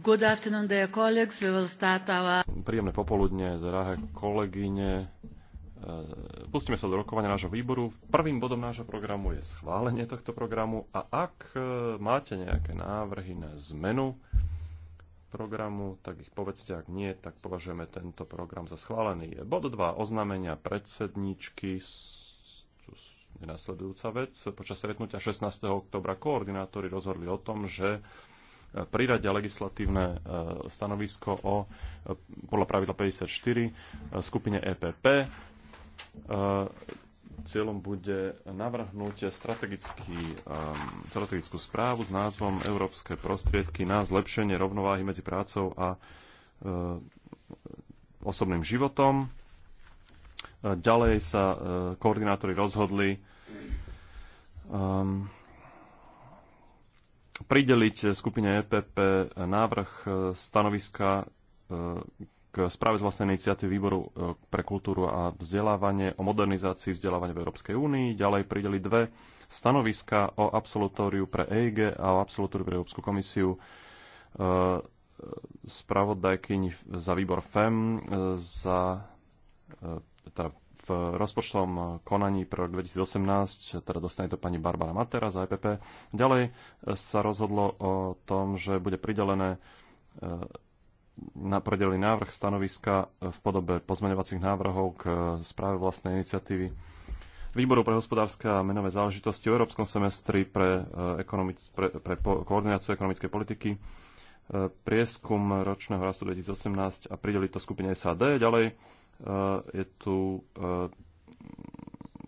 Good afternoon, dear colleagues. We will start our... Príjemné popoludne, drahé kolegyne. E, pustíme sa do rokovania nášho výboru. Prvým bodom nášho programu je schválenie tohto programu a ak e, máte nejaké návrhy na zmenu programu, tak ich povedzte, ak nie, tak považujeme tento program za schválený. Bod 2. Oznámenia predsedníčky je nasledujúca vec. Počas stretnutia 16. oktobra koordinátori rozhodli o tom, že priradia legislatívne e, stanovisko o, e, podľa pravidla 54, e, skupine EPP. Cieľom bude navrhnúť strategickú správu s názvom Európske prostriedky na zlepšenie rovnováhy medzi prácou a osobným životom. Ďalej sa koordinátori rozhodli um, prideliť skupine EPP návrh e, stanoviska e, k správe z vlastnej iniciatívy Výboru e, pre kultúru a vzdelávanie o modernizácii vzdelávania v Európskej únii. Ďalej prideli dve stanoviska o absolutóriu pre EIG a o absolutóriu pre Európsku komisiu spravodajkyň za výbor FEM za teda v rozpočtovom konaní pre rok 2018, teda dostane to pani Barbara Matera za EPP. Ďalej e, sa rozhodlo o tom, že bude pridelené e, predelý návrh stanoviska e, v podobe pozmeňovacích návrhov k správe vlastnej iniciatívy Výboru pre hospodárske a menové záležitosti o Európskom semestri pre, ekonomic, pre, pre koordináciu ekonomickej politiky prieskum ročného rastu 2018 a prideli to skupine SAD. Ďalej Eh, je tu eh,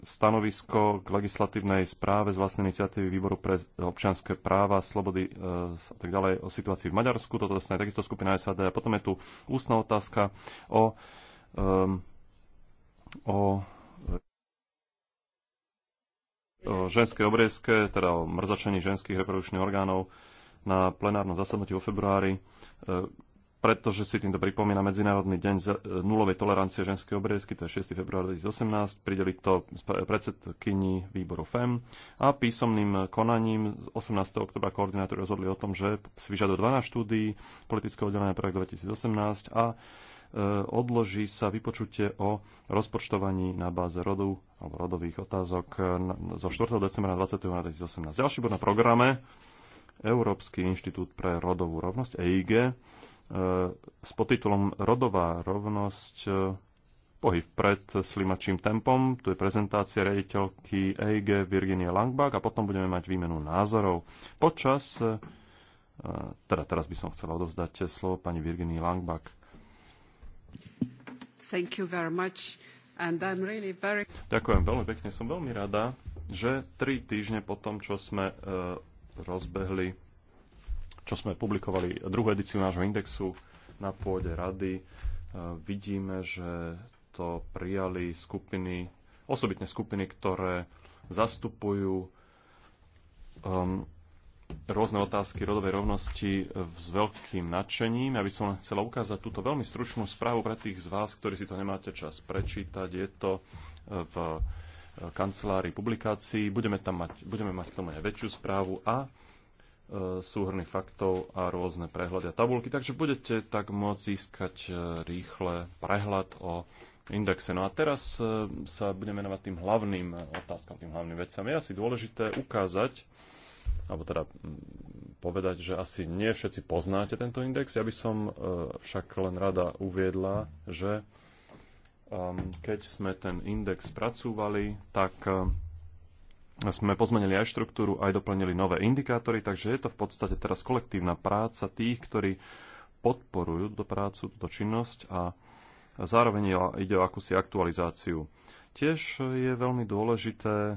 stanovisko k legislatívnej správe z vlastnej iniciatívy Výboru pre občianské práva, slobody eh, a tak ďalej o situácii v Maďarsku. Toto dostane takisto skupina SAD. A potom je tu ústna otázka o, um, o, o ženskej obriezke, teda o mrzačení ženských reprodukčných orgánov na plenárnom zasadnutí vo februári pretože si týmto pripomína Medzinárodný deň nulovej tolerancie ženskej obriezky, to je 6. február 2018, prideli to predsedkyni výboru FEM a písomným konaním 18. oktobra koordinátori rozhodli o tom, že si vyžaduje 12 štúdií politického oddelenia projekt 2018 a e, odloží sa vypočutie o rozpočtovaní na báze rodu alebo rodových otázok e, zo 4. decembra 20. 2018. Ďalší bod na programe Európsky inštitút pre rodovú rovnosť EIG s podtitulom Rodová rovnosť e, pohyb pred slimačím tempom. Tu je prezentácia rediteľky EIG Virginie Langbach a potom budeme mať výmenu názorov. Počas, e, e, teda teraz by som chcela odovzdať slovo pani Virginie Langbach. Thank you very much. And I'm really very... Ďakujem veľmi pekne. Som veľmi rada, že tri týždne po tom, čo sme rozbehli čo sme publikovali druhú edíciu nášho indexu na pôde rady, e, vidíme, že to prijali skupiny, osobitne skupiny, ktoré zastupujú um, rôzne otázky rodovej rovnosti s veľkým nadšením. Ja by som chcela ukázať túto veľmi stručnú správu pre tých z vás, ktorí si to nemáte čas prečítať. Je to e, v e, kancelárii publikácií. Budeme tam mať, budeme mať tomu aj väčšiu správu a súhrny faktov a rôzne prehľady a tabulky, takže budete tak môcť získať e, rýchle prehľad o indexe. No a teraz e, sa budeme venovať tým hlavným e, otázkam, tým hlavným vecam. Je asi dôležité ukázať, alebo teda mm, povedať, že asi nie všetci poznáte tento index. Ja by som však len rada uviedla, že keď sme ten index spracúvali, tak sme pozmenili aj štruktúru, aj doplnili nové indikátory, takže je to v podstate teraz kolektívna práca tých, ktorí podporujú do prácu, túto činnosť a zároveň ide o akúsi aktualizáciu. Tiež je veľmi dôležité e,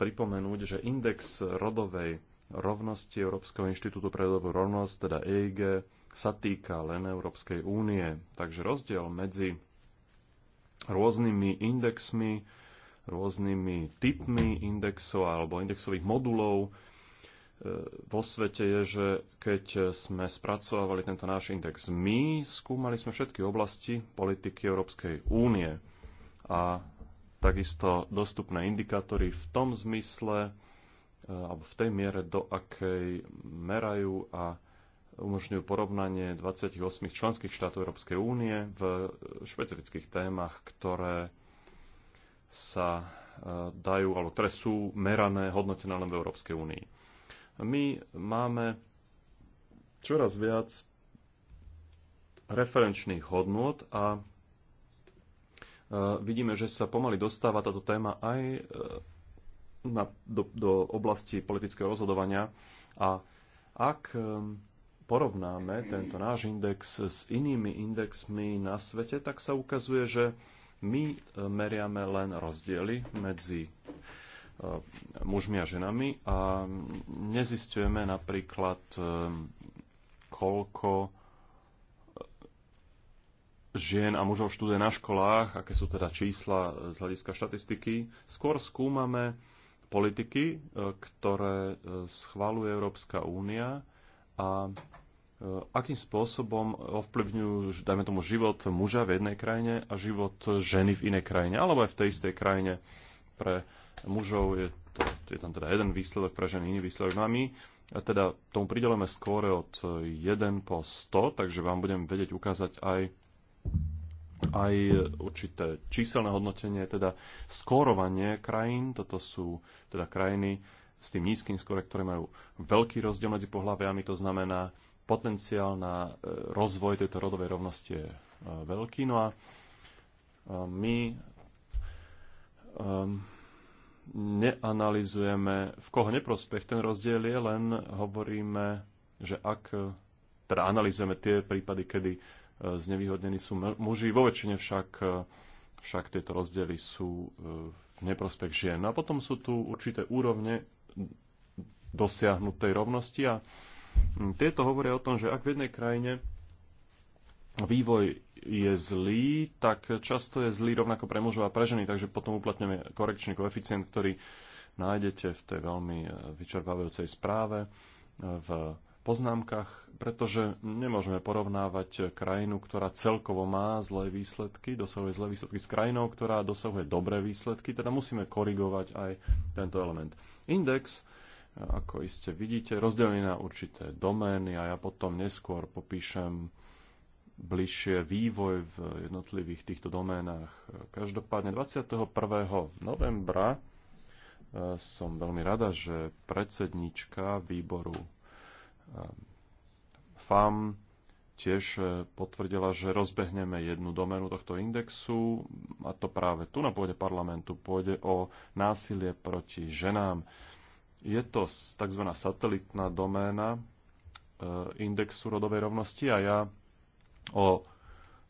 pripomenúť, že index rodovej rovnosti Európskeho inštitútu pre rodovú rovnosť, teda EIG, sa týka len Európskej únie. Takže rozdiel medzi rôznymi indexmi rôznymi typmi indexov alebo indexových modulov e, vo svete je, že keď sme spracovávali tento náš index my, skúmali sme všetky oblasti politiky Európskej únie a takisto dostupné indikátory v tom zmysle, e, alebo v tej miere, do akej merajú a umožňujú porovnanie 28 členských štátov Európskej únie v špecifických témach, ktoré sa e, dajú, alebo ktoré sú merané, hodnotené len v Európskej únii. My máme čoraz viac referenčných hodnôt a e, vidíme, že sa pomaly dostáva táto téma aj e, na, do, do oblasti politického rozhodovania. A ak porovnáme tento náš index s inými indexmi na svete, tak sa ukazuje, že my e, meriame len rozdiely medzi e, mužmi a ženami a nezistujeme napríklad, e, koľko žien a mužov študuje na školách, aké sú teda čísla z hľadiska štatistiky. Skôr skúmame politiky, ktoré schváluje Európska únia a E, akým spôsobom ovplyvňujú, dajme tomu, život muža v jednej krajine a život ženy v inej krajine, alebo aj v tej istej krajine. Pre mužov je, to, je tam teda jeden výsledok, pre ženy iný výsledok. No a teda tomu pridelujeme skóre od 1 po 100, takže vám budem vedieť ukázať aj aj určité číselné hodnotenie, teda skórovanie krajín. Toto sú teda krajiny s tým nízkym skóre, ktoré majú veľký rozdiel medzi pohľaviami, to znamená, potenciál na e, rozvoj tejto rodovej rovnosti je e, veľký. No a e, my neanalizujeme, v koho neprospech ten rozdiel je, len hovoríme, že ak, teda analizujeme tie prípady, kedy znevýhodnení sú muži, vo väčšine však, však tieto rozdiely sú v neprospech žien. No a potom sú tu určité úrovne dosiahnutej rovnosti a Hm, tieto hovoria o tom, že ak v jednej krajine vývoj je zlý, tak často je zlý rovnako pre mužov a pre ženy, takže potom uplatňujeme korekčný koeficient, ktorý nájdete v tej veľmi eh, vyčerpávajúcej správe eh, v poznámkach, pretože nemôžeme porovnávať krajinu, ktorá celkovo má zlé výsledky, dosahuje zlé výsledky s krajinou, ktorá dosahuje dobré výsledky, teda musíme korigovať aj tento element. Index ako iste vidíte, rozdelený na určité domény a ja potom neskôr popíšem bližšie vývoj v jednotlivých týchto doménach. Každopádne 21. novembra e, som veľmi rada, že predsednička výboru e, FAM tiež e, potvrdila, že rozbehneme jednu doménu tohto indexu a to práve tu na pôde parlamentu pôjde o násilie proti ženám. Je to tzv. satelitná doména e, indexu rodovej rovnosti a ja o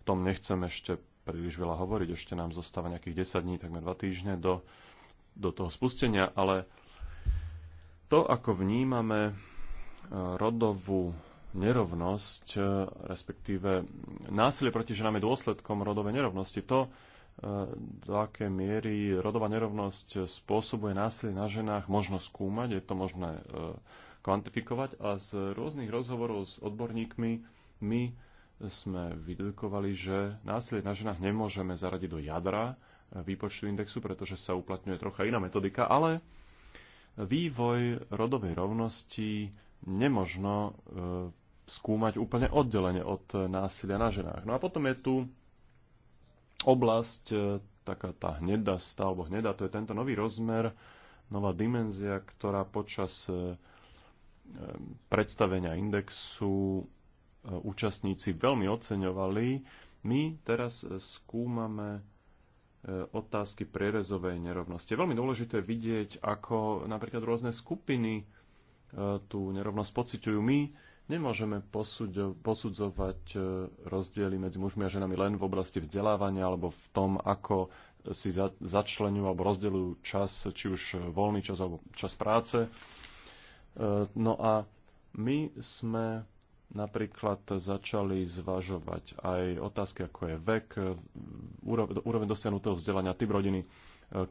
tom nechcem ešte príliš veľa hovoriť. Ešte nám zostáva nejakých 10 dní, takmer 2 týždne do, do toho spustenia, ale to, ako vnímame e, rodovú nerovnosť, e, respektíve násilie proti ženám je dôsledkom rodovej nerovnosti, to E, do akej miery rodová nerovnosť spôsobuje násilie na ženách, možno skúmať, je to možné e, kvantifikovať a z rôznych rozhovorov s odborníkmi my sme vydedukovali, že násilie na ženách nemôžeme zaradiť do jadra výpočtu indexu, pretože sa uplatňuje trocha iná metodika, ale vývoj rodovej rovnosti nemožno e, skúmať úplne oddelenie od násilia na ženách. No a potom je tu oblasť, e, taká tá hnedá alebo hnedá, to je tento nový rozmer, nová dimenzia, ktorá počas e, e, predstavenia indexu účastníci veľmi oceňovali. My teraz skúmame otázky prierezovej nerovnosti. Je veľmi dôležité vidieť, ako napríklad rôzne skupiny tú nerovnosť pociťujú. My Nemôžeme posudzovať e, rozdiely medzi mužmi a ženami len v oblasti vzdelávania alebo v tom, ako si začlenujú alebo rozdelujú čas, či už voľný čas alebo čas práce. E, no a my sme napríklad začali zvažovať aj otázky, ako je vek, úroveň dosiahnutého vzdelania, typ rodiny, e,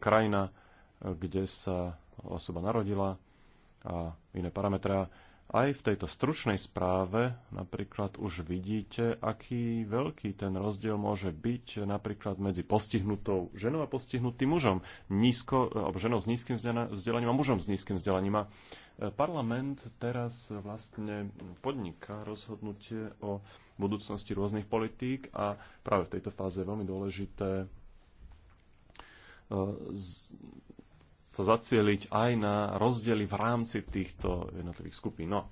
krajina, kde sa osoba narodila a iné parametre aj v tejto stručnej správe napríklad už vidíte, aký veľký ten rozdiel môže byť napríklad medzi postihnutou ženou a postihnutým mužom, nízko, alebo ženou s nízkym vzdelaním a mužom s nízkym vzdelaním. A e, parlament teraz vlastne podniká rozhodnutie o budúcnosti rôznych politík a práve v tejto fáze je veľmi dôležité e, sa zacieliť aj na rozdiely v rámci týchto jednotlivých skupín. No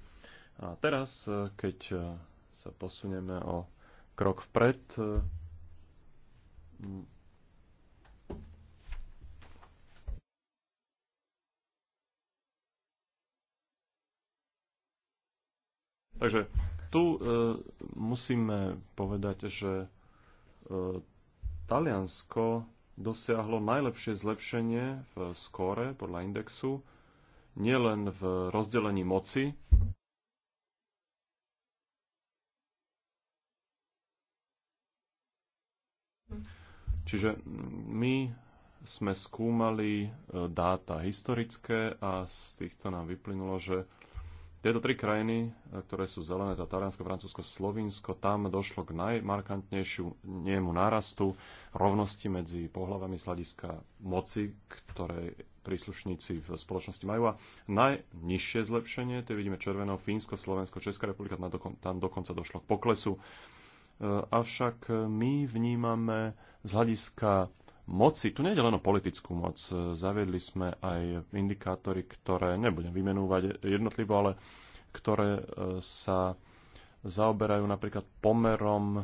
a teraz, e, keď e, sa posunieme o krok vpred, e, Takže tu e, musíme povedať, že e, Taliansko dosiahlo najlepšie zlepšenie v skóre podľa indexu, nielen v rozdelení moci, Čiže my sme skúmali eh, dáta historické a z týchto nám vyplynulo, že tieto tri krajiny, e, ktoré sú zelené, tá Taliansko, Francúzsko, Slovinsko, tam došlo k najmarkantnejšiu niemu nárastu rovnosti medzi pohľavami z hľadiska moci, ktoré príslušníci v spoločnosti majú. A najnižšie zlepšenie, to vidíme červeno, Fínsko, Slovensko, Česká republika, tam dokonca došlo k poklesu. E, avšak e, my vnímame z hľadiska moci. Tu nie je len o politickú moc. Zaviedli sme aj indikátory, ktoré nebudem vymenúvať jednotlivo, ale ktoré e, sa zaoberajú napríklad pomerom e,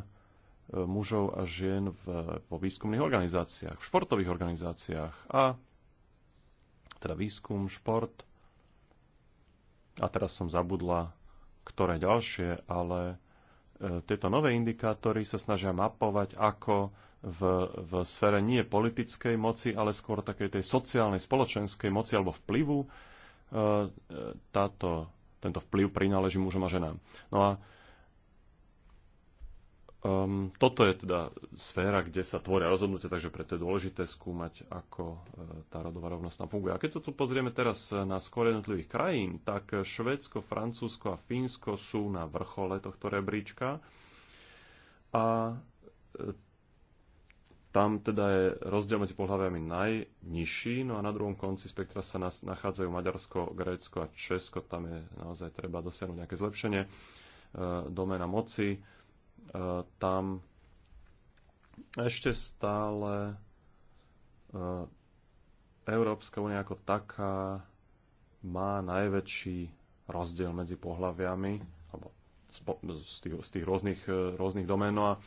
mužov a žien v, vo výskumných organizáciách, v športových organizáciách a teda výskum, šport a teraz som zabudla, ktoré ďalšie, ale e, tieto nové indikátory sa snažia mapovať, ako v, v sfére nie politickej moci, ale skôr takej tej sociálnej, spoločenskej moci alebo vplyvu. E, táto, tento vplyv prináleží mužom a ženám. No a um, toto je teda sféra, kde sa tvoria rozhodnutia, takže preto je dôležité skúmať, ako e, tá rodová rovnosť tam funguje. A keď sa tu pozrieme teraz na skôr jednotlivých krajín, tak Švédsko, Francúzsko a Fínsko sú na vrchole tohto rebríčka. A e, tam teda je rozdiel medzi pohľaviami najnižší, no a na druhom konci spektra sa nás nachádzajú Maďarsko, Grécko a Česko. Tam je naozaj treba dosiahnuť nejaké zlepšenie. E, domena moci. E, tam ešte stále e, Európska únia ako taká má najväčší rozdiel medzi pohľaviami z tých, z tých rôznych, e, rôznych domén. No a e,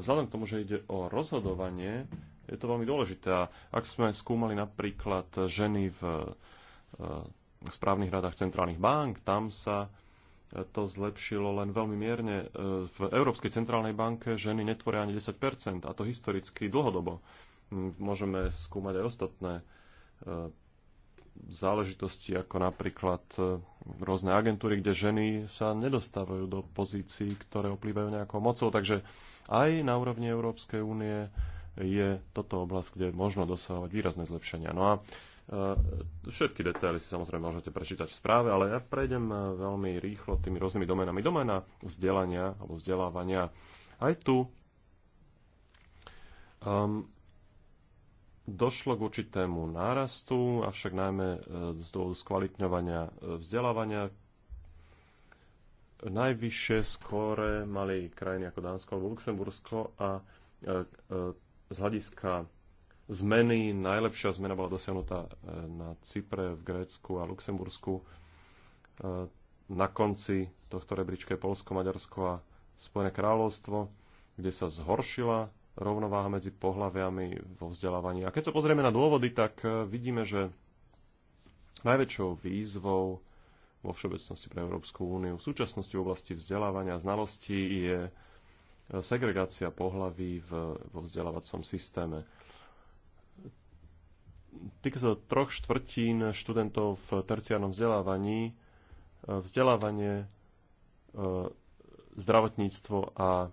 vzhľadom k tomu, že ide o rozhodovanie, je to veľmi dôležité. A ak sme skúmali napríklad ženy v e, správnych radách centrálnych bank, tam sa to zlepšilo len veľmi mierne. V Európskej centrálnej banke ženy netvoria ani 10 a to historicky dlhodobo. Môžeme skúmať aj ostatné záležitosti ako napríklad e, rôzne agentúry, kde ženy sa nedostávajú do pozícií, ktoré oplývajú nejakou mocou. Takže aj na úrovni Európskej únie je toto oblasť, kde možno dosahovať výrazné zlepšenia. No a e, všetky detaily si samozrejme môžete prečítať v správe, ale ja prejdem e, veľmi rýchlo tými rôznymi domenami. Domena vzdelania alebo vzdelávania. Aj tu um, Došlo k určitému nárastu, avšak najmä e, z dôvodu skvalitňovania e, vzdelávania. Najvyššie skóre mali krajiny ako Dánsko alebo Luxembursko a e, z hľadiska zmeny najlepšia zmena bola dosiahnutá na Cypre, v Grécku a Luxembursku na konci tohto rebríčka je Polsko, Maďarsko a Spojené kráľovstvo, kde sa zhoršila rovnováha medzi pohľaviami vo vzdelávaní. A keď sa pozrieme na dôvody, tak e, vidíme, že najväčšou výzvou vo všeobecnosti pre Európsku úniu v súčasnosti v oblasti vzdelávania a znalostí je e, segregácia pohlaví vo vzdelávacom systéme. Týka sa troch štvrtín študentov v terciárnom vzdelávaní, e, vzdelávanie, zdravotníctvo a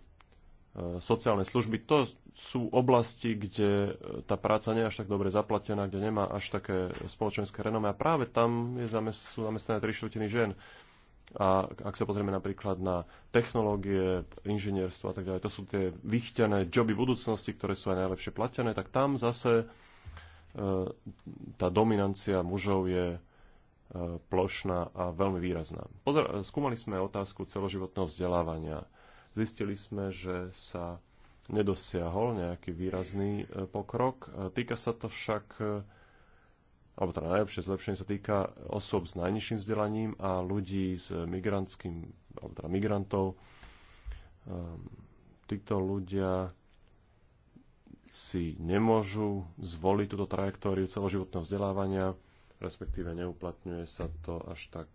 E, sociálne služby. To sú oblasti, kde e, tá práca nie je až tak dobre zaplatená, kde nemá až také spoločenské renomé a práve tam je zamest- sú zamestnané tri štvrtiny žien. A ak sa pozrieme napríklad na technológie, inžinierstvo a tak ďalej, to sú tie vychtené joby budúcnosti, ktoré sú aj najlepšie platené, tak tam zase e, tá dominancia mužov je plošná a veľmi výrazná. Pozor, skúmali sme otázku celoživotného vzdelávania Zistili sme, že sa nedosiahol nejaký výrazný e, pokrok. E, týka sa to však, e, alebo teda najlepšie zlepšenie sa týka osôb s najnižším vzdelaním a ľudí s migrantským, alebo teda migrantov. Ehm, títo ľudia si nemôžu zvoliť túto trajektóriu celoživotného vzdelávania, respektíve neuplatňuje sa to až tak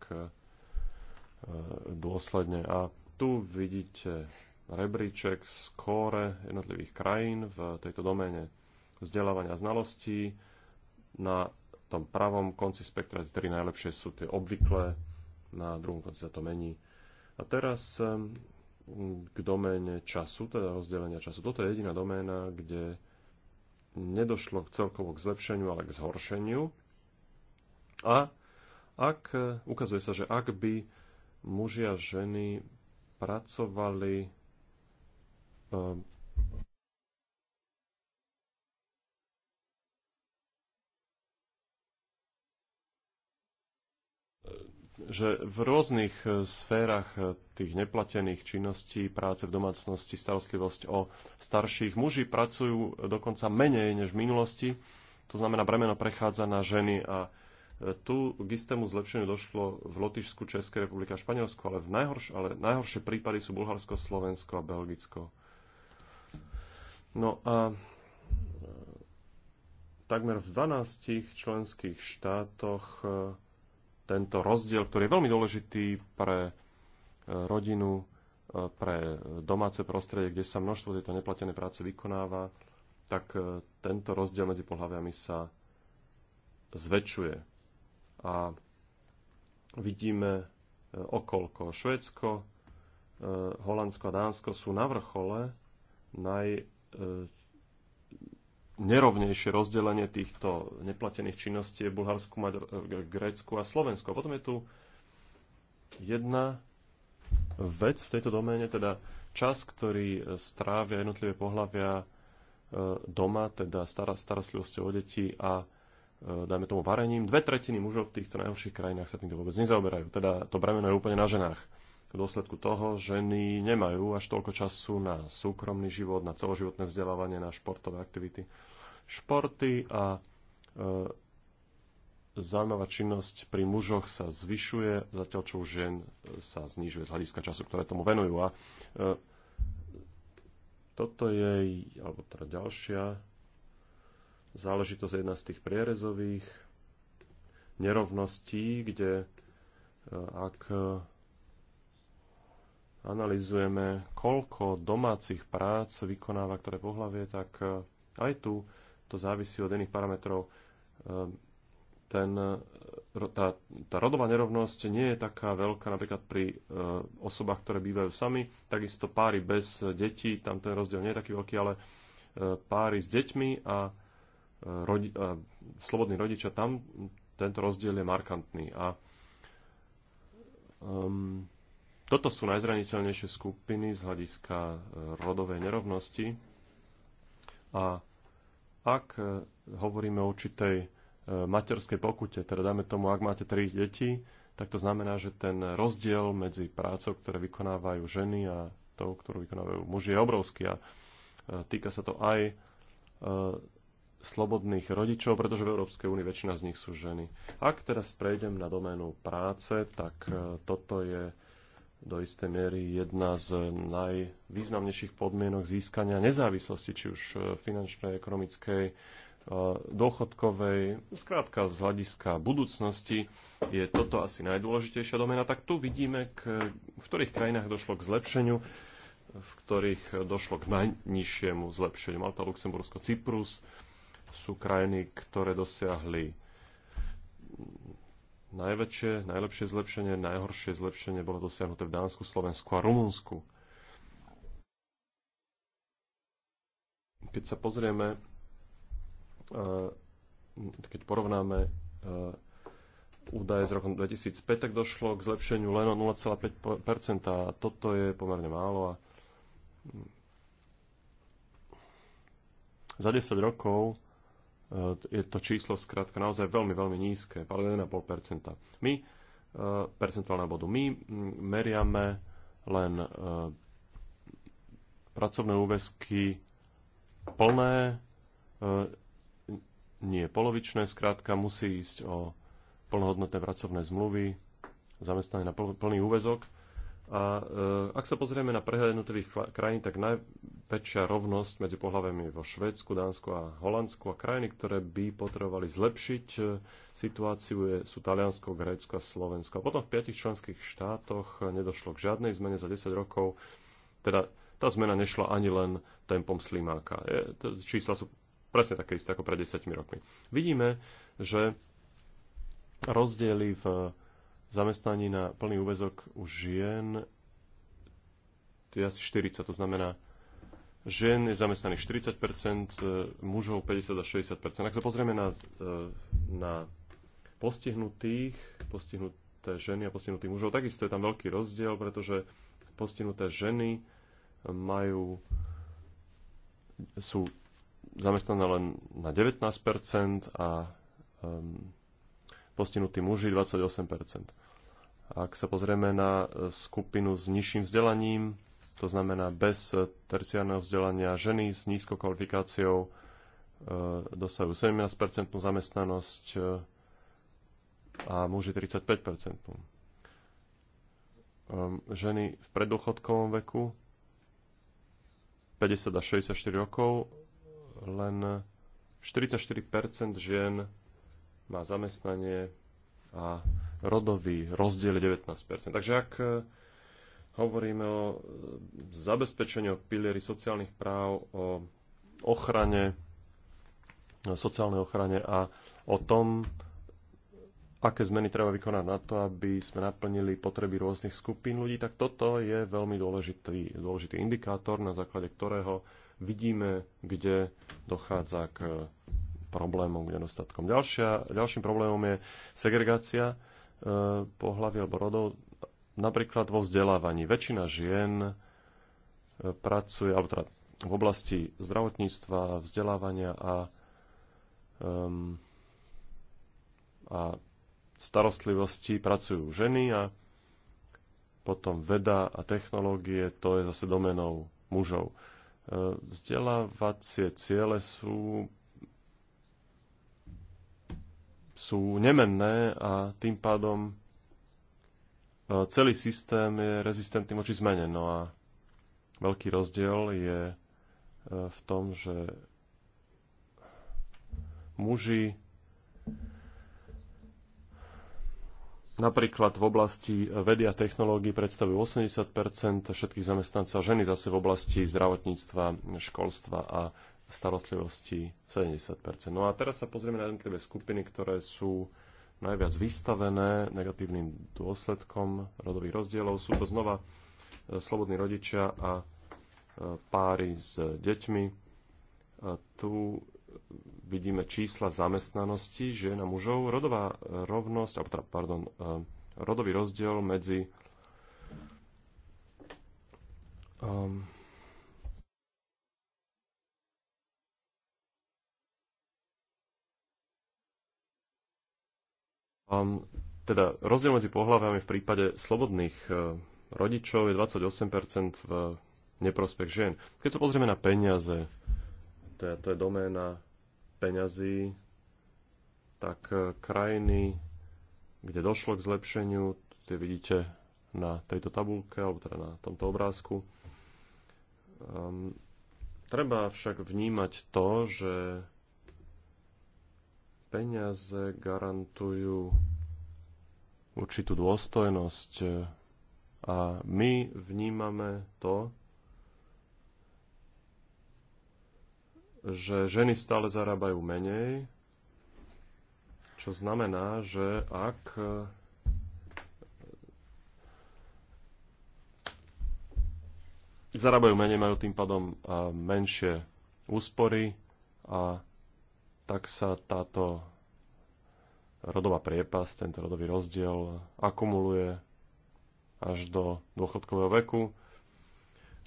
dôsledne. A tu vidíte rebríček skóre jednotlivých krajín v tejto doméne vzdelávania znalostí. Na tom pravom konci spektra tie tri najlepšie sú tie obvyklé, na druhom konci sa to mení. A teraz k doméne času, teda rozdelenia času. Toto je jediná doména, kde nedošlo k celkovo k zlepšeniu, ale k zhoršeniu. A ak, ukazuje sa, že ak by muži a ženy pracovali ehm, že v rôznych e, sférach e, tých neplatených činností, práce v domácnosti, starostlivosť o starších muži pracujú dokonca menej než v minulosti. To znamená, bremeno prechádza na ženy a tu k istému zlepšeniu došlo v Lotyšsku, Českej republike a Španielsku, ale, v najhorš- ale najhoršie prípady sú Bulharsko, Slovensko a Belgicko. No a e, takmer v 12 členských štátoch e, tento rozdiel, ktorý je veľmi dôležitý pre e, rodinu, pre domáce prostredie, kde sa množstvo tejto neplatenej práce vykonáva, tak tento rozdiel medzi pohľaviami sa zväčšuje a vidíme e, okolko. Švédsko, e, Holandsko a Dánsko sú na vrchole naj e, nerovnejšie rozdelenie týchto neplatených činností je Bulharsku, Maďar, Grécku a Slovensko. Potom je tu jedna vec v tejto doméne, teda čas, ktorý strávia jednotlivé pohľavia doma, teda starostlivosťou o deti a E, dajme tomu varením, dve tretiny mužov v týchto najhorších krajinách sa týmto vôbec nezaoberajú. Teda to bremeno je úplne na ženách. V dôsledku toho ženy nemajú až toľko času na súkromný život, na celoživotné vzdelávanie, na športové aktivity. Športy a e, zaujímavá činnosť pri mužoch sa zvyšuje, zatiaľ čo u žien sa znižuje z hľadiska času, ktoré tomu venujú. A e, toto je, alebo teda ďalšia záležitosť jedna z tých prierezových nerovností, kde e, ak e, analizujeme, koľko domácich prác vykonáva ktoré pohlavie, tak e, aj tu to závisí od iných parametrov. Ten, tá, tá rodová nerovnosť nie je taká veľká napríklad pri osobách, ktoré bývajú sami. Takisto páry bez detí, tam ten rozdiel nie je taký veľký, ale páry s deťmi a rodi, a, slobodní rodičia, tam tento rozdiel je markantný. A um, toto sú najzraniteľnejšie skupiny z hľadiska e, rodovej nerovnosti. A ak e, hovoríme o určitej e, materskej pokute, teda dáme tomu, ak máte tri deti, tak to znamená, že ten rozdiel medzi prácou, ktoré vykonávajú ženy a tou, ktorú vykonávajú muži, je obrovský. A týka sa to aj slobodných rodičov, pretože v Európskej únii väčšina z nich sú ženy. Ak teraz prejdem na doménu práce, tak e, toto je do istej miery jedna z najvýznamnejších podmienok získania nezávislosti, či už e, finančnej, ekonomickej, e, dôchodkovej, zkrátka z hľadiska budúcnosti je toto asi najdôležitejšia domena. Tak tu vidíme, k, v ktorých krajinách došlo k zlepšeniu, v ktorých došlo k najnižšiemu zlepšeniu. Malta, Luxembursko, Cyprus, sú krajiny, ktoré dosiahli najväčšie, najlepšie zlepšenie, najhoršie zlepšenie bolo dosiahnuté v Dánsku, Slovensku a Rumunsku. Keď sa pozrieme, eh, keď porovnáme eh, údaje z roku 2005, tak došlo k zlepšeniu len o 0,5 a toto je pomerne málo. A mm, za 10 rokov E, je to číslo zkrátka naozaj veľmi, veľmi nízke, ale 1,5%. My, e, percentuálne bodu, my meriame len e, pracovné úväzky plné, nie polovičné, zkrátka musí ísť o plnohodnotné pracovné zmluvy, zamestnané na plný úväzok a e, ak sa pozrieme na prehľad jednotlivých krajín, tak najväčšia rovnosť medzi pohľavami vo Švédsku, Dánsku a Holandsku a krajiny, ktoré by potrebovali zlepšiť e, situáciu, je, sú Taliansko, Grécko a Slovensko. A potom v piatich členských štátoch nedošlo k žiadnej zmene za 10 rokov. Teda tá zmena nešla ani len tempom slimáka. Je, čísla sú presne také isté ako pred 10 rokmi. Vidíme, že rozdiely v zamestnaní na plný úvezok u žien to je asi 40, to znamená, žien je zamestnaných 40%, e, mužov 50 až 60%. Ak sa pozrieme na, e, na postihnutých, postihnuté ženy a postihnutých mužov, takisto je tam veľký rozdiel, pretože postihnuté ženy majú, sú zamestnané len na 19% a um, postihnutí muži 28%. Ak sa pozrieme na e, skupinu s nižším vzdelaním, to znamená bez e, terciárneho vzdelania ženy s nízkou kvalifikáciou e, dosahujú 17% zamestnanosť a muži 35%. Ženy v preddôchodkovom veku 50 až 64 rokov len 44% žien má zamestnanie a rodový rozdiel je 19%. Takže ak e, hovoríme o e, zabezpečení o pilieri sociálnych práv, o ochrane, o sociálnej ochrane a o tom, aké zmeny treba vykonať na to, aby sme naplnili potreby rôznych skupín ľudí, tak toto je veľmi dôležitý, dôležitý indikátor, na základe ktorého vidíme, kde dochádza k e, problémom, k nedostatkom. Ďalšia, ďalším problémom je segregácia Eh, pohlavy alebo rodov, napríklad vo vzdelávaní. Väčšina žien eh, pracuje, alebo teda v oblasti zdravotníctva, vzdelávania a, um, a starostlivosti pracujú ženy a potom veda a technológie, to je zase domenou mužov. Eh, vzdelávacie ciele sú sú nemenné a tým pádom e, celý systém je rezistentný voči zmene. No a veľký rozdiel je e, v tom, že muži napríklad v oblasti vedy a technológií predstavujú 80 všetkých zamestnancov a ženy zase v oblasti zdravotníctva, školstva a starostlivosti 70 No a teraz sa pozrieme na jednotlivé skupiny, ktoré sú najviac vystavené negatívnym dôsledkom rodových rozdielov. Sú to znova e, slobodní rodičia a e, páry s deťmi. A tu vidíme čísla zamestnanosti žien a mužov. Rodová e, rovnosť, alebo teda, pardon, rodový rozdiel medzi um, Um, teda rozdiel medzi pohľavami v prípade slobodných uh, rodičov je 28% v neprospech žien. Keď sa pozrieme na peniaze, teda to je doména peňazí, tak uh, krajiny, kde došlo k zlepšeniu, tie vidíte na tejto tabulke, alebo teda na tomto obrázku. Um, treba však vnímať to, že peniaze garantujú určitú dôstojnosť a my vnímame to, že ženy stále zarábajú menej, čo znamená, že ak zarábajú menej, majú tým pádom menšie úspory a tak sa táto rodová priepas, tento rodový rozdiel akumuluje až do dôchodkového veku.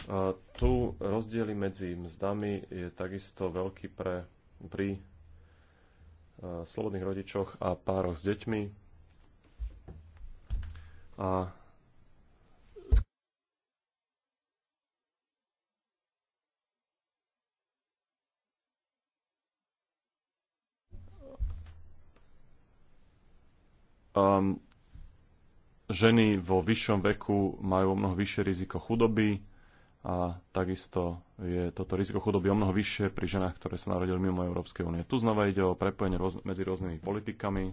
A tu rozdiely medzi mzdami je takisto veľký pre, pri e, slobodných rodičoch a pároch s deťmi. A um, ženy vo vyššom veku majú o mnoho vyššie riziko chudoby a takisto je toto riziko chudoby o mnoho vyššie pri ženách, ktoré sa narodili mimo Európskej únie. Tu znova ide o prepojenie rôz- medzi rôznymi politikami.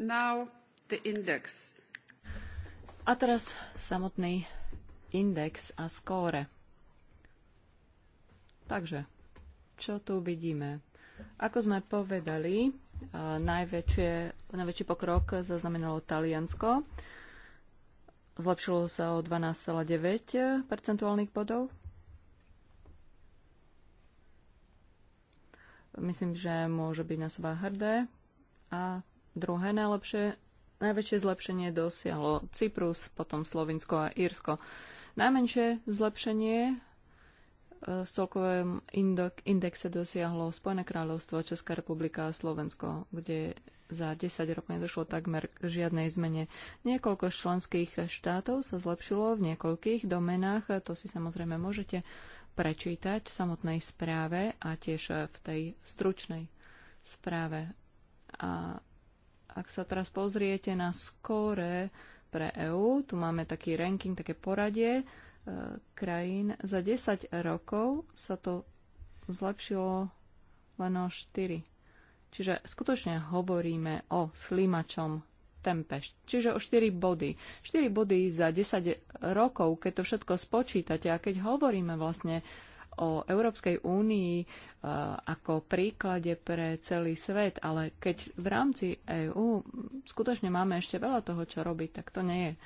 Now the index. A teraz samotný index a skóre. Takže, čo tu vidíme? Ako sme povedali, Najväčšie, najväčší pokrok zaznamenalo Taliansko. Zlepšilo sa o 12,9 percentuálnych bodov. Myslím, že môže byť na seba hrdé. A druhé najlepšie, najväčšie zlepšenie dosiahlo Cyprus, potom Slovinsko a Írsko. Najmenšie zlepšenie v celkovém indexe dosiahlo Spojené kráľovstvo, Česká republika a Slovensko, kde za 10 rokov nedošlo takmer k žiadnej zmene. Niekoľko členských štátov sa zlepšilo v niekoľkých domenách, to si samozrejme môžete prečítať v samotnej správe a tiež v tej stručnej správe. A ak sa teraz pozriete na skóre pre EÚ, tu máme taký ranking, také poradie, E, krajín. Za 10 rokov sa to zlepšilo len o 4. Čiže skutočne hovoríme o slímačom tempe, čiže o 4 body. 4 body za 10 rokov, keď to všetko spočítate a keď hovoríme vlastne o Európskej únii e, ako príklade pre celý svet, ale keď v rámci EÚ skutočne máme ešte veľa toho, čo robiť, tak to nie je e,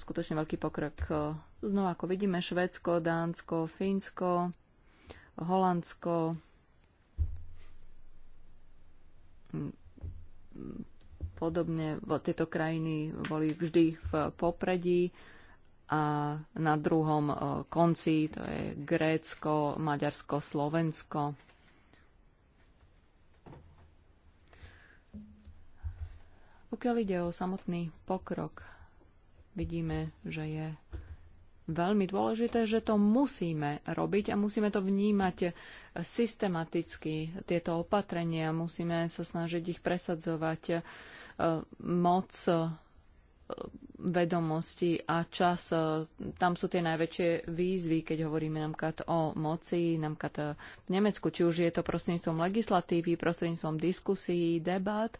skutočne veľký pokrok e, Znova ako vidíme Švedsko, Dánsko, Fínsko, Holandsko, podobne tieto krajiny boli vždy v popredí a na druhom konci to je Grécko, Maďarsko, Slovensko. Pokiaľ ide o samotný pokrok, vidíme, že je veľmi dôležité, že to musíme robiť a musíme to vnímať systematicky, tieto opatrenia, musíme sa snažiť ich presadzovať. E, moc e, vedomosti a čas, e, tam sú tie najväčšie výzvy, keď hovoríme napríklad o moci, napríklad v Nemecku, či už je to prostredníctvom legislatívy, prostredníctvom diskusí, debat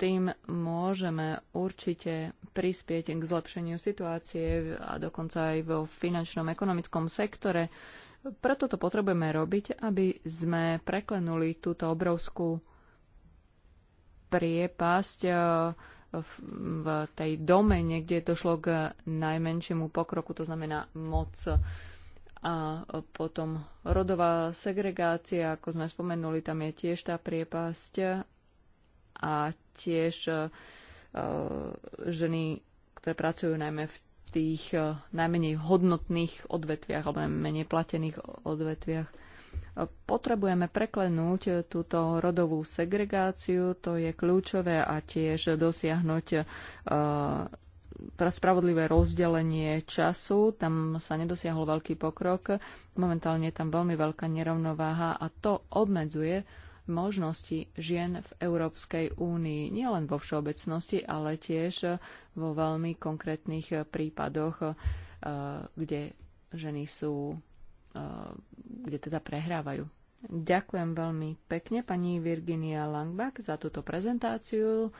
tým môžeme určite prispieť k zlepšeniu situácie a dokonca aj vo finančnom ekonomickom sektore. Preto to potrebujeme robiť, aby sme preklenuli túto obrovskú priepasť eh, v tej domene, kde došlo k najmenšiemu pokroku, to znamená moc a potom rodová segregácia, ako sme spomenuli, tam je tiež tá priepasť a tiež e, e, ženy, ktoré pracujú najmä v tých e, najmenej hodnotných odvetviach alebo menej platených odvetviach. Potrebujeme preklenúť túto rodovú segregáciu, to je kľúčové a tiež dosiahnuť spravodlivé rozdelenie času. Tam sa nedosiahol veľký pokrok. Momentálne je tam veľmi veľká nerovnováha a to obmedzuje možnosti žien v Európskej únii, nielen vo všeobecnosti, ale tiež vo veľmi konkrétnych prípadoch, eh, kde ženy sú, eh, kde teda prehrávajú. Ďakujem veľmi pekne pani Virginia Langbach za túto prezentáciu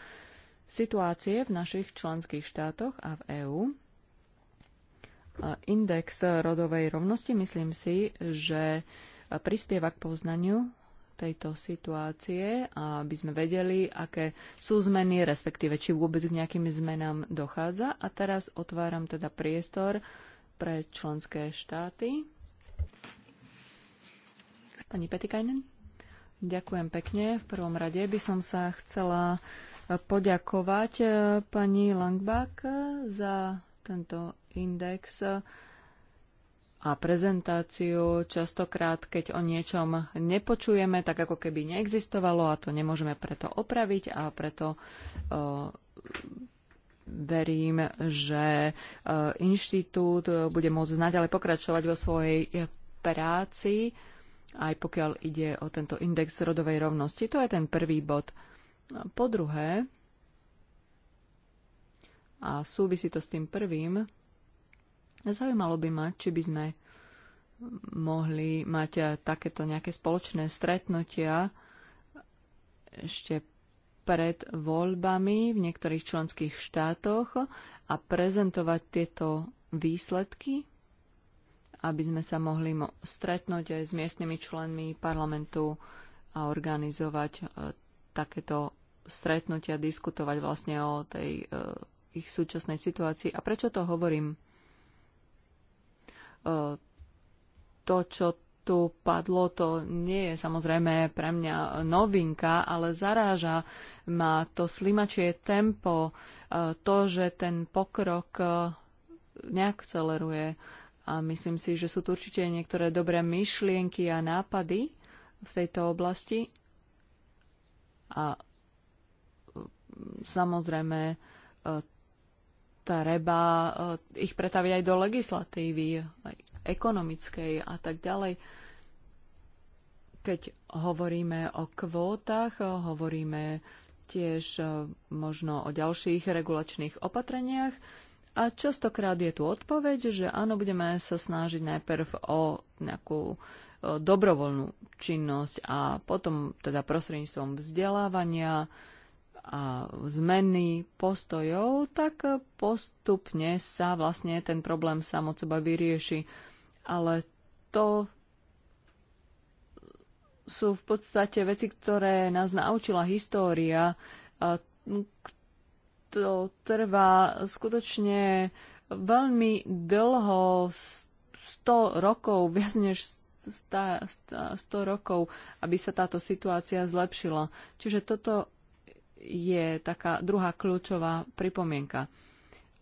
situácie v našich členských štátoch a v EÚ. Index rodovej rovnosti myslím si, že prispieva k poznaniu tejto situácie a aby sme vedeli, aké sú zmeny, respektíve či vôbec k nejakým zmenám dochádza. A teraz otváram teda priestor pre členské štáty. Pani Petikajnen? Ďakujem pekne. V prvom rade by som sa chcela poďakovať eh, pani Langbach eh, za tento index a prezentáciu. Častokrát, keď o niečom nepočujeme, tak ako keby neexistovalo a to nemôžeme preto opraviť a preto uh, verím, že uh, inštitút e, bude môcť naďalej pokračovať vo svojej práci, aj pokiaľ ide o tento index rodovej rovnosti. To je ten prvý bod. Po druhé, a súvisí to s tým prvým, Zaujímalo by ma, či by sme mohli mať eh, takéto nejaké spoločné stretnutia ešte pred voľbami v niektorých členských štátoch a prezentovať tieto výsledky, aby sme sa mohli stretnúť aj s miestnymi členmi parlamentu a organizovať eh, takéto stretnutia, diskutovať vlastne o tej eh, ich súčasnej situácii. A prečo to hovorím? E, to, čo tu padlo, to nie je samozrejme pre mňa novinka, ale zaráža ma to slimačie tempo, e, to, že ten pokrok e, neakceleruje. A myslím si, že sú tu určite niektoré dobré myšlienky a nápady v tejto oblasti. A samozrejme treba eh, ich pretaviť aj do legislatívy, aj ekonomickej a tak ďalej. Keď hovoríme o kvótach, eh, hovoríme tiež eh, možno o ďalších regulačných opatreniach. A častokrát je tu odpoveď, že áno, budeme sa snažiť najprv o nejakú dobrovoľnú činnosť a potom teda prostredníctvom vzdelávania a zmeny postojov, tak postupne sa vlastne ten problém sám od seba vyrieši. Ale to sú v podstate veci, ktoré nás naučila história. to trvá skutočne veľmi dlho, 100 rokov, viac než 100, 100 rokov, aby sa táto situácia zlepšila. Čiže toto je taká druhá kľúčová pripomienka.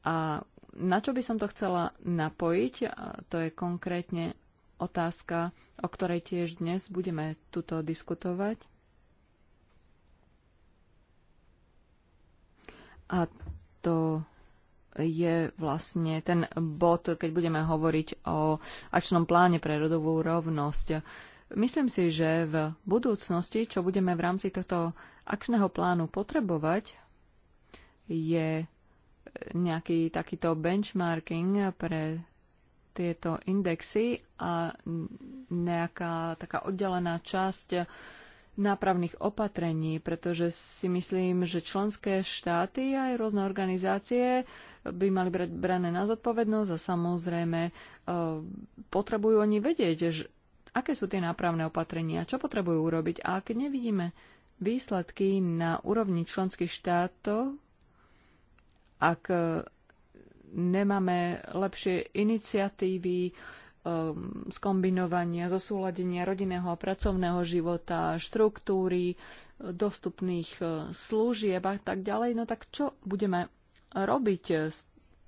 A na čo by som to chcela napojiť, to je konkrétne otázka, o ktorej tiež dnes budeme tuto diskutovať. A to je vlastne ten bod, keď budeme hovoriť o akčnom pláne pre rodovú rovnosť. Myslím si, že v budúcnosti, čo budeme v rámci tohto akčného plánu potrebovať, je e, nejaký takýto benchmarking pre tieto indexy a nejaká taká oddelená časť nápravných opatrení, pretože si myslím, že členské štáty a aj rôzne organizácie by mali brať brané na zodpovednosť a samozrejme e, potrebujú oni vedieť, že aké sú tie nápravné opatrenia, čo potrebujú urobiť a keď nevidíme výsledky na úrovni členských štátov, ak e, nemáme lepšie iniciatívy, e, skombinovania, zosúladenia rodinného a pracovného života, štruktúry, e, dostupných služieb a tak ďalej. No tak čo budeme robiť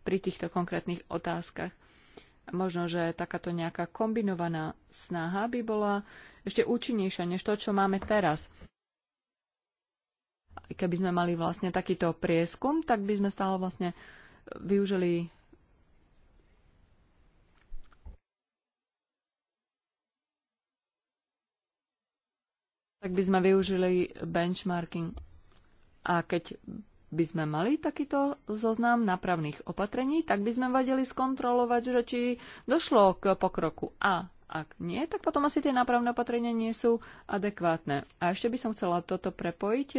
pri týchto konkrétnych otázkach? Možno, že takáto nejaká kombinovaná snaha by bola ešte účinnejšia než to, čo máme teraz keby sme mali vlastne takýto prieskum, tak by sme stále vlastne využili tak by sme využili benchmarking. A keď by sme mali takýto zoznam napravných opatrení, tak by sme vedeli skontrolovať, že či došlo k pokroku. A ak nie, tak potom asi tie nápravné opatrenia nie sú adekvátne. A ešte by som chcela toto prepojiť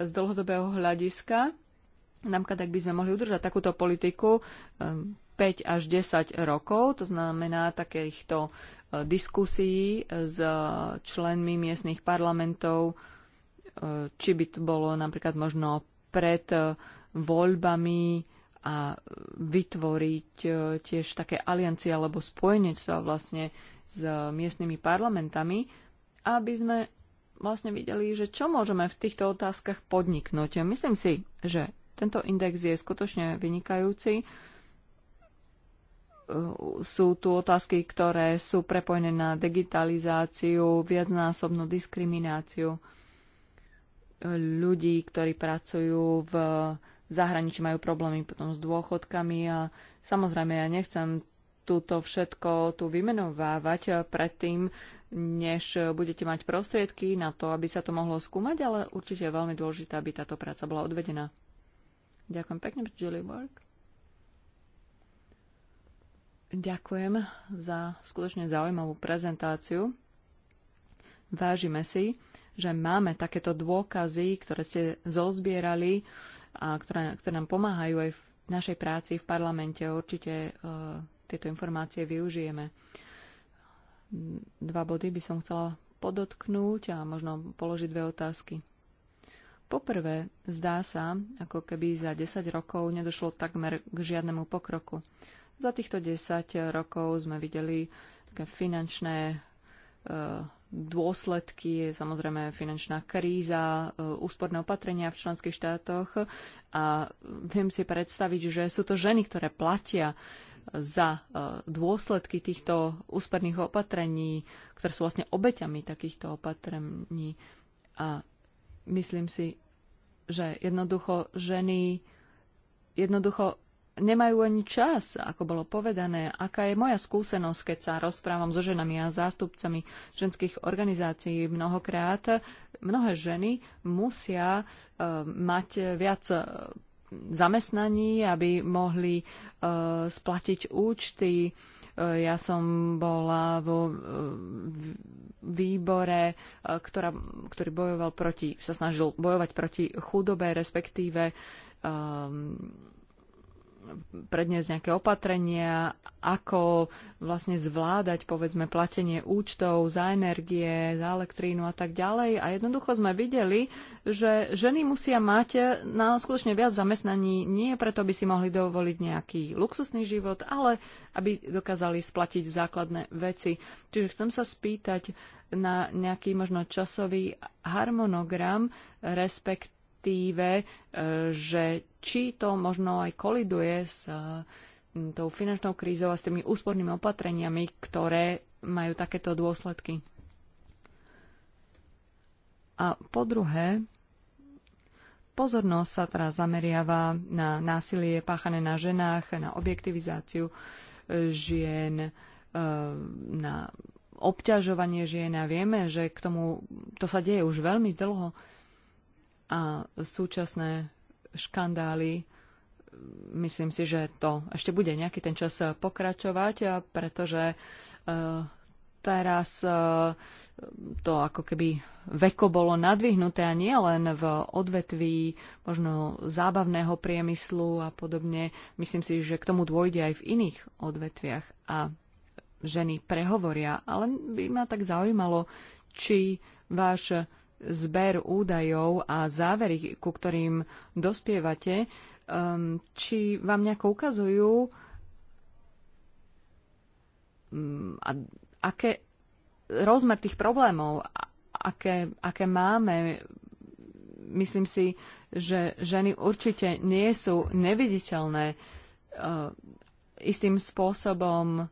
z dlhodobého hľadiska. Napríklad, ak by sme mohli udržať takúto politiku 5 až 10 rokov, to znamená takýchto e, diskusí s členmi miestnych parlamentov, e, či by to bolo napríklad možno pred e, voľbami a vytvoriť tiež také aliancie alebo spojenectva vlastne s miestnymi parlamentami, aby sme vlastne videli, že čo môžeme v týchto otázkach podniknúť. Myslím si, že tento index je skutočne vynikajúci. Uh, sú tu otázky, ktoré sú prepojené na digitalizáciu, viacnásobnú diskrimináciu ľudí, ktorí pracujú v zahraničí, majú problémy potom s dôchodkami a samozrejme ja nechcem túto všetko tu vymenovávať. Predtým než budete mať prostriedky na to, aby sa to mohlo skúmať, ale určite je veľmi dôležité, aby táto práca bola odvedená. Ďakujem pekne, Julie Work. Ďakujem za skutočne zaujímavú prezentáciu. Vážime si, že máme takéto dôkazy, ktoré ste zozbierali a ktoré, ktoré nám pomáhajú aj v našej práci v parlamente. Určite uh, tieto informácie využijeme. Uh, dva body by som chcela podotknúť a možno položiť dve otázky. Poprvé, zdá sa, ako keby za 10 rokov nedošlo takmer k žiadnemu pokroku. Za týchto 10 rokov sme videli také finančné e, dôsledky, samozrejme finančná kríza, e, úsporné opatrenia v členských štátoch a viem si predstaviť, že sú to ženy, ktoré platia za e, dôsledky týchto úsperných opatrení, ktoré sú vlastne obeťami takýchto opatrení. A myslím si, že jednoducho ženy jednoducho nemajú ani čas, ako bolo povedané. Aká je moja skúsenosť, keď sa rozprávam so ženami a zástupcami ženských organizácií mnohokrát? Mnohé ženy musia e, mať viac zamestnaní, aby mohli e, splatiť účty. E, ja som bola vo e, výbore, ktorá, ktorý bojoval proti, sa snažil bojovať proti chudobe, respektíve predniesť nejaké opatrenia, ako vlastne zvládať, povedzme, platenie účtov za energie, za elektrínu a tak ďalej. A jednoducho sme videli, že ženy musia mať na skutočne viac zamestnaní, nie preto, aby si mohli dovoliť nejaký luxusný život, ale aby dokázali splatiť základné veci. Čiže chcem sa spýtať na nejaký možno časový harmonogram, respektíve, e, že či to možno aj koliduje s e, tou finančnou krízou a s tými úspornými opatreniami, ktoré majú takéto dôsledky. A po druhé, pozornosť sa teraz zameriava na násilie páchané na ženách, na objektivizáciu e, žien, e, na obťažovanie žien a vieme, že k tomu to sa deje už veľmi dlho a súčasné škandály. Myslím si, že to ešte bude nejaký ten čas pokračovať, pretože e, teraz e, to ako keby veko bolo nadvihnuté a nie len v odvetví možno zábavného priemyslu a podobne. Myslím si, že k tomu dôjde aj v iných odvetviach a ženy prehovoria, ale by ma tak zaujímalo, či váš zber údajov a závery, ku ktorým dospievate, um, či vám nejako ukazujú, um, a, aké rozmer tých problémov, a, aké, aké máme. Myslím si, že ženy určite nie sú neviditeľné uh, istým spôsobom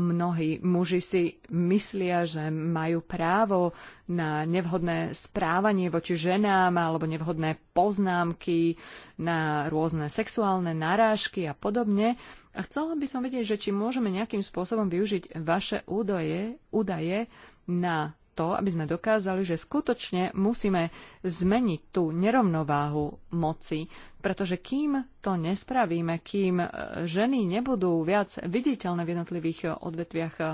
mnohí muži si myslia, že majú právo na nevhodné správanie voči ženám alebo nevhodné poznámky, na rôzne sexuálne narážky a podobne. A chcela by som vedieť, že či môžeme nejakým spôsobom využiť vaše údaje, údaje na to, aby sme dokázali, že skutočne musíme zmeniť tú nerovnováhu moci, pretože kým to nespravíme, kým e, ženy nebudú viac viditeľné v jednotlivých e, odvetviach, e,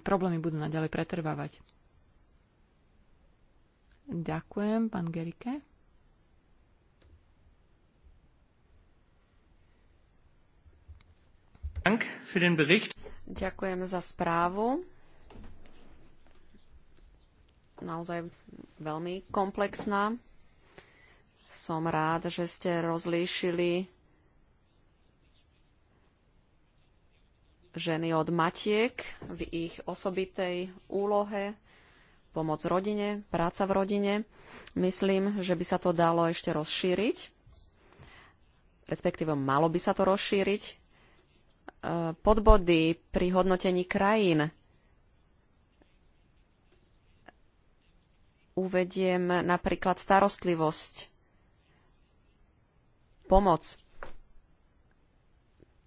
problémy budú naďalej pretrvávať. Ďakujem, pán Gerike. Ďakujem za správu naozaj veľmi komplexná. Som rád, že ste rozlíšili ženy od matiek v ich osobitej úlohe, pomoc rodine, práca v rodine. Myslím, že by sa to dalo ešte rozšíriť, respektíve malo by sa to rozšíriť. E, podbody pri hodnotení krajín uvediem napríklad starostlivosť, pomoc.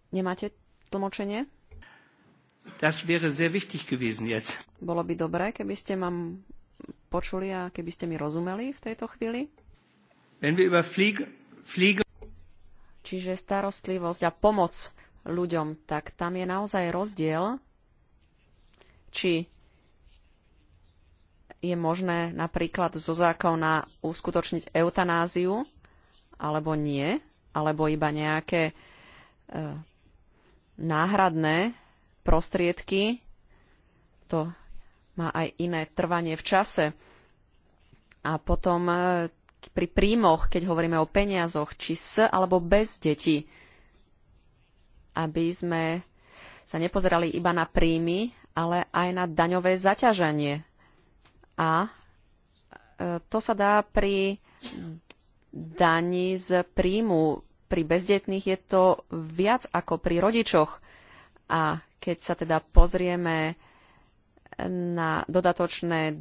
Nemáte tlmočenie? Das wäre sehr wichtig gewesen jetzt. Bolo by dobré, keby ste ma počuli a keby ste mi rozumeli v tejto chvíli. Wenn wir über flieg, flieg... Čiže starostlivosť a pomoc ľuďom, tak tam je naozaj rozdiel, či je možné napríklad zo zákona uskutočniť eutanáziu, alebo nie, alebo iba nejaké e, náhradné prostriedky. To má aj iné trvanie v čase. A potom e, pri príjmoch, keď hovoríme o peniazoch, či s alebo bez detí, aby sme sa nepozerali iba na príjmy, ale aj na daňové zaťaženie a e, to sa dá pri daní z príjmu. Pri bezdetných je to viac ako pri rodičoch. A keď sa teda pozrieme na dodatočné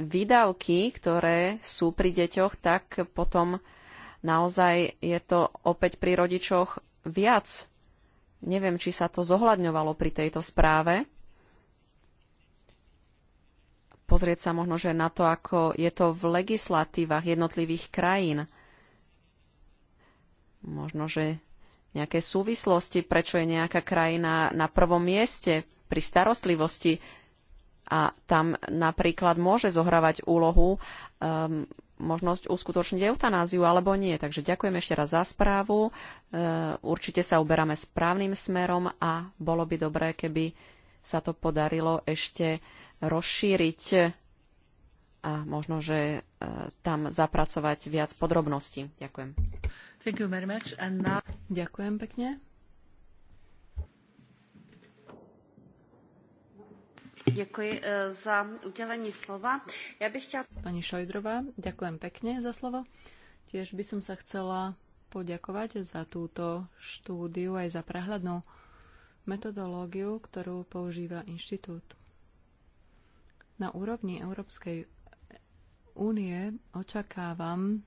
výdavky, ktoré sú pri deťoch, tak potom naozaj je to opäť pri rodičoch viac. Neviem, či sa to zohľadňovalo pri tejto správe pozrieť sa možno, že na to, ako je to v legislatívach jednotlivých krajín. Možno, že nejaké súvislosti, prečo je nejaká krajina na prvom mieste pri starostlivosti a tam napríklad môže zohrávať úlohu um, možnosť uskutočniť eutanáziu alebo nie. Takže ďakujem ešte raz za správu. Uh, určite sa uberáme správnym smerom a bolo by dobré, keby sa to podarilo ešte rozšíriť a možno, že e, tam zapracovať viac podrobností. Ďakujem. Thank you very much. And now... Ďakujem pekne. Ďakujem e, za udelenie slova. Ja bych chtěla... Pani Šojdrová, ďakujem pekne za slovo. Tiež by som sa chcela poďakovať za túto štúdiu aj za prehľadnú metodológiu, ktorú používa inštitút. Na úrovni Európskej únie očakávam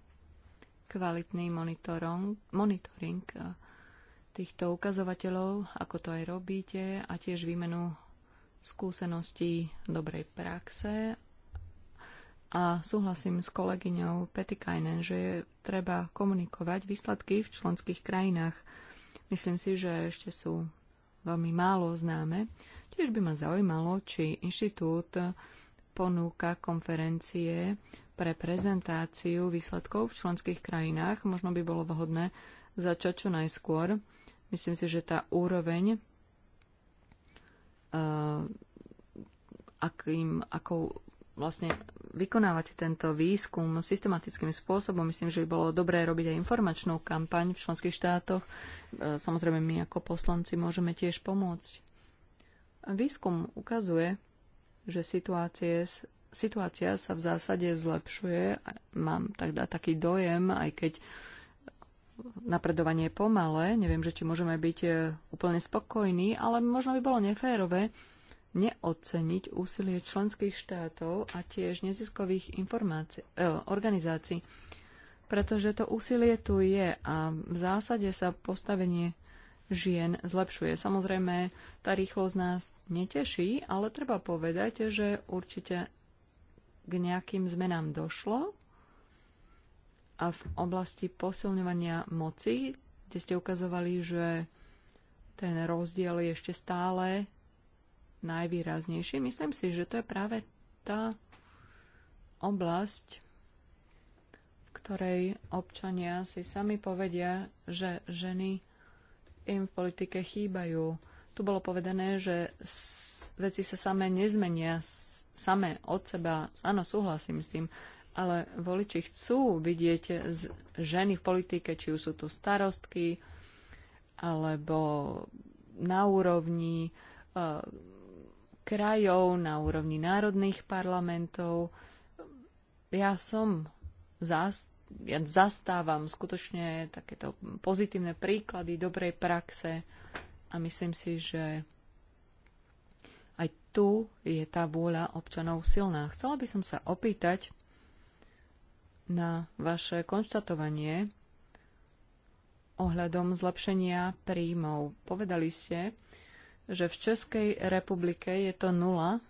kvalitný monitoring eh, týchto ukazovateľov, ako to aj robíte, a tiež výmenu skúseností dobrej praxe. A súhlasím s kolegyňou Petikainen, že treba komunikovať výsledky v členských krajinách. Myslím si, že ešte sú veľmi málo známe. Tiež by ma zaujímalo, či inštitút ponúka konferencie pre prezentáciu výsledkov v členských krajinách. Možno by bolo vhodné začať čo najskôr. Myslím si, že tá úroveň, e, akým, akou vlastne vykonávať tento výskum systematickým spôsobom. Myslím, že by bolo dobré robiť aj informačnú kampaň v členských štátoch. E, samozrejme, my ako poslanci môžeme tiež pomôcť. Výskum ukazuje, že situácie, situácia sa v zásade zlepšuje. Mám teda taký dojem, aj keď napredovanie je pomalé. Neviem, že či môžeme byť e, úplne spokojní, ale možno by bolo neférové neoceniť úsilie členských štátov a tiež neziskových informácií, eh, organizácií, pretože to úsilie tu je a v zásade sa postavenie žien zlepšuje. Samozrejme, tá rýchlosť nás neteší, ale treba povedať, že určite k nejakým zmenám došlo a v oblasti posilňovania moci, kde ste ukazovali, že ten rozdiel je ešte stále najvýraznejší. Myslím si, že to je práve tá oblasť, v ktorej občania si sami povedia, že ženy im v politike chýbajú. Tu bolo povedané, že veci sa samé nezmenia, samé od seba. Áno, súhlasím s tým, ale voliči chcú vidieť ženy v politike, či už sú tu starostky, alebo na úrovni e, krajov, na úrovni národných parlamentov. Ja som zást ja zastávam skutočne takéto pozitívne príklady dobrej praxe a myslím si, že aj tu je tá vôľa občanov silná. Chcela by som sa opýtať na vaše konštatovanie ohľadom zlepšenia príjmov. Povedali ste, že v Českej republike je to nula,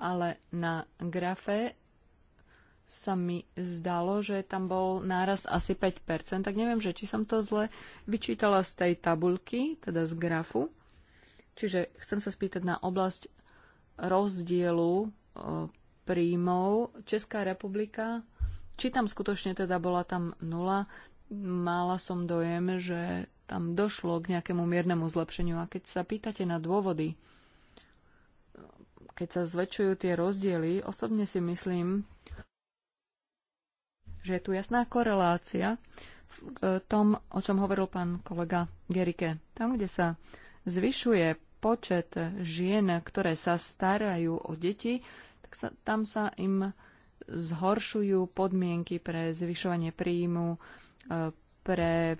ale na grafe sa mi zdalo, že tam bol náraz asi 5%, tak neviem, že či som to zle vyčítala z tej tabulky, teda z grafu. Čiže chcem sa spýtať na oblasť rozdielu e, príjmov Česká republika, či tam skutočne teda bola tam nula, mala som dojem, že tam došlo k nejakému miernemu zlepšeniu. A keď sa pýtate na dôvody, e, keď sa zväčšujú tie rozdiely, osobne si myslím, že je tu jasná korelácia v tom, o čom hovoril pán kolega Gerike. Tam, kde sa zvyšuje počet žien, ktoré sa starajú o deti, tak sa, tam sa im zhoršujú podmienky pre zvyšovanie príjmu, e, pre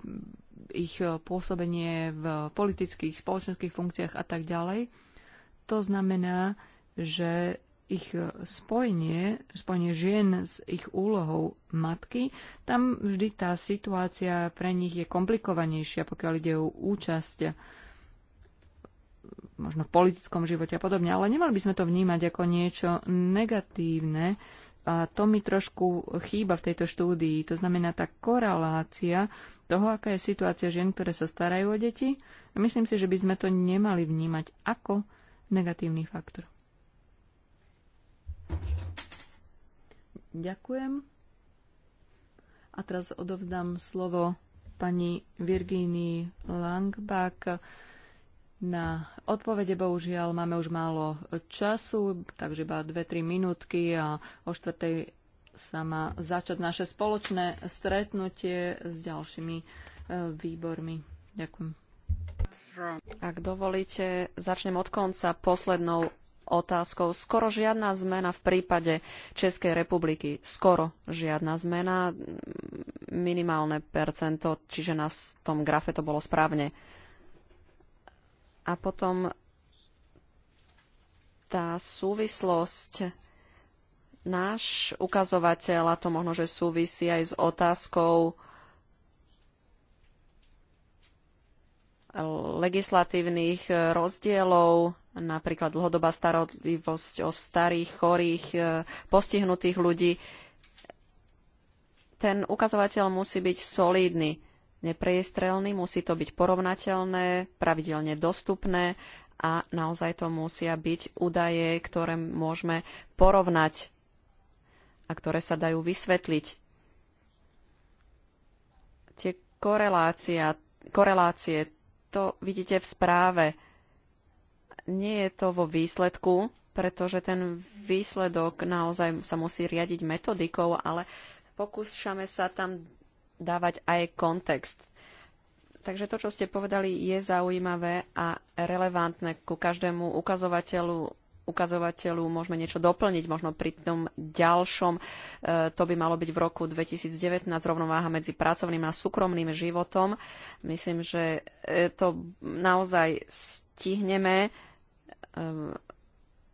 ich pôsobenie v politických, spoločenských funkciách a tak ďalej. To znamená, že ich e, spojenie, spojenie žien s ich úlohou matky, tam vždy tá situácia pre nich je komplikovanejšia, pokiaľ ide o účasť e, možno v politickom živote a podobne, ale nemali by sme to vnímať ako niečo negatívne. A to mi trošku chýba v tejto štúdii. To znamená tá korelácia toho, aká je situácia žien, ktoré sa starajú o deti. A myslím si, že by sme to nemali vnímať ako negatívny faktor. Ďakujem. A teraz odovzdám slovo pani Virgínii Langbach na odpovede. Bohužiaľ, máme už málo času, takže iba 2-3 minútky a o štvrtej sa má začať naše spoločné stretnutie s ďalšími e, výbormi. Ďakujem. Ak dovolíte, začnem od konca poslednou otázkou. Skoro žiadna zmena v prípade Českej republiky. Skoro žiadna zmena, minimálne percento, čiže na tom grafe to bolo správne. A potom tá súvislosť náš ukazovateľ, a to možno, že súvisí aj s otázkou legislatívnych rozdielov napríklad dlhodobá starostlivosť o starých, chorých, e, postihnutých ľudí. Ten ukazovateľ musí byť solídny, nepriestrelný, musí to byť porovnateľné, pravidelne dostupné a naozaj to musia byť údaje, ktoré môžeme porovnať a ktoré sa dajú vysvetliť. Tie korelácia, korelácie, to vidíte v správe nie je to vo výsledku, pretože ten výsledok naozaj sa musí riadiť metodikou, ale pokúšame sa tam dávať aj kontext. Takže to, čo ste povedali, je zaujímavé a relevantné ku každému ukazovateľu ukazovateľu môžeme niečo doplniť, možno pri tom ďalšom. E, to by malo byť v roku 2019 rovnováha medzi pracovným a súkromným životom. Myslím, že e, to naozaj stihneme Ehm,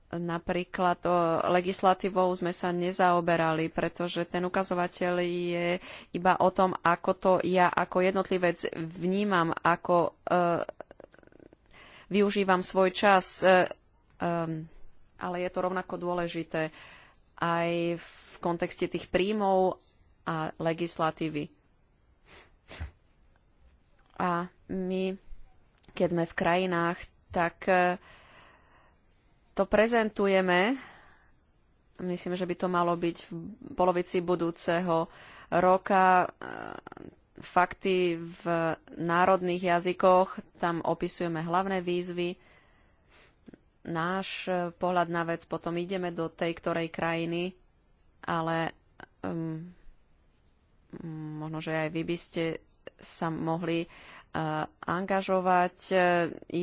napríklad legislatívou sme sa nezaoberali, pretože ten ukazovateľ je iba o tom, ako to ja ako jednotlivec vnímam, ako uh, využívam svoj čas, uh, um, ale je to rovnako dôležité aj v kontexte tých príjmov a legislatívy. A my, keď sme v krajinách, tak uh, to prezentujeme. Myslím, že by to malo byť v polovici budúceho roka. Fakty v národných jazykoch, tam opisujeme hlavné výzvy, náš pohľad na vec, potom ideme do tej ktorej krajiny, ale um, možno, že aj vy by ste sa mohli angažovať, e,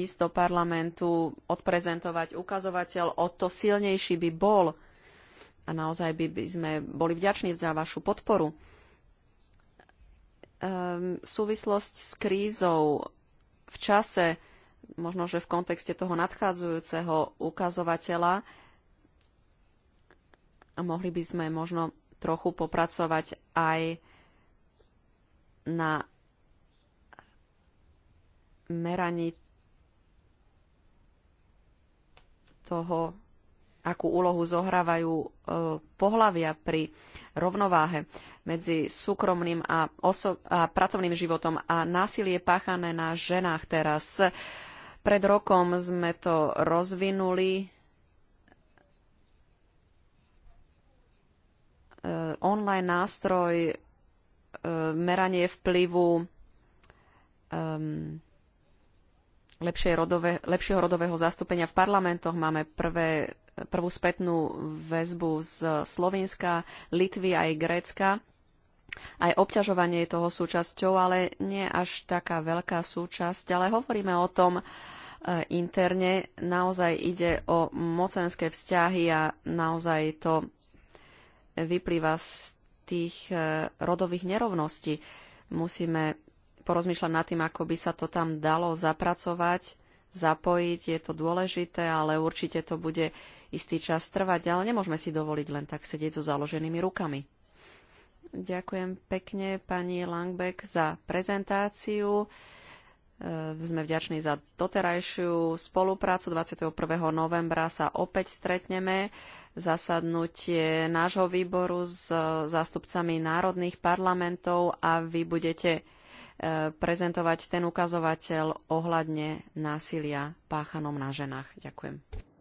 ísť do parlamentu, odprezentovať ukazovateľ, o to silnejší by bol. A naozaj by, sme boli vďační za vašu podporu. Ehm, súvislosť s krízou v čase, možno, že v kontexte toho nadchádzajúceho ukazovateľa, mohli by sme možno trochu popracovať aj na meraní toho, akú úlohu zohrávajú e, pohlavia pri rovnováhe medzi súkromným a, a pracovným životom a násilie páchané na ženách teraz. Pred rokom sme to rozvinuli e, online nástroj e, meranie vplyvu um, rodové, lepšieho rodového zastúpenia v parlamentoch. Máme prvé, prvú spätnú väzbu z Slovenska, Litvy aj Grécka. Aj obťažovanie je toho súčasťou, ale nie až taká veľká súčasť. Ale hovoríme o tom eh, interne. Naozaj ide o mocenské vzťahy a naozaj to vyplýva z tých eh, rodových nerovností. Musíme porozmýšľať nad tým, ako by sa to tam dalo zapracovať, zapojiť. Je to dôležité, ale určite to bude istý čas trvať, ale nemôžeme si dovoliť len tak sedieť so založenými rukami. Ďakujem pekne pani Langbeck za prezentáciu. E, sme vďační za doterajšiu spoluprácu. 21. novembra sa opäť stretneme. Zasadnutie nášho výboru s e, zástupcami národných parlamentov a vy budete prezentovať ten ukazovateľ ohľadne násilia páchanom na ženách. Ďakujem.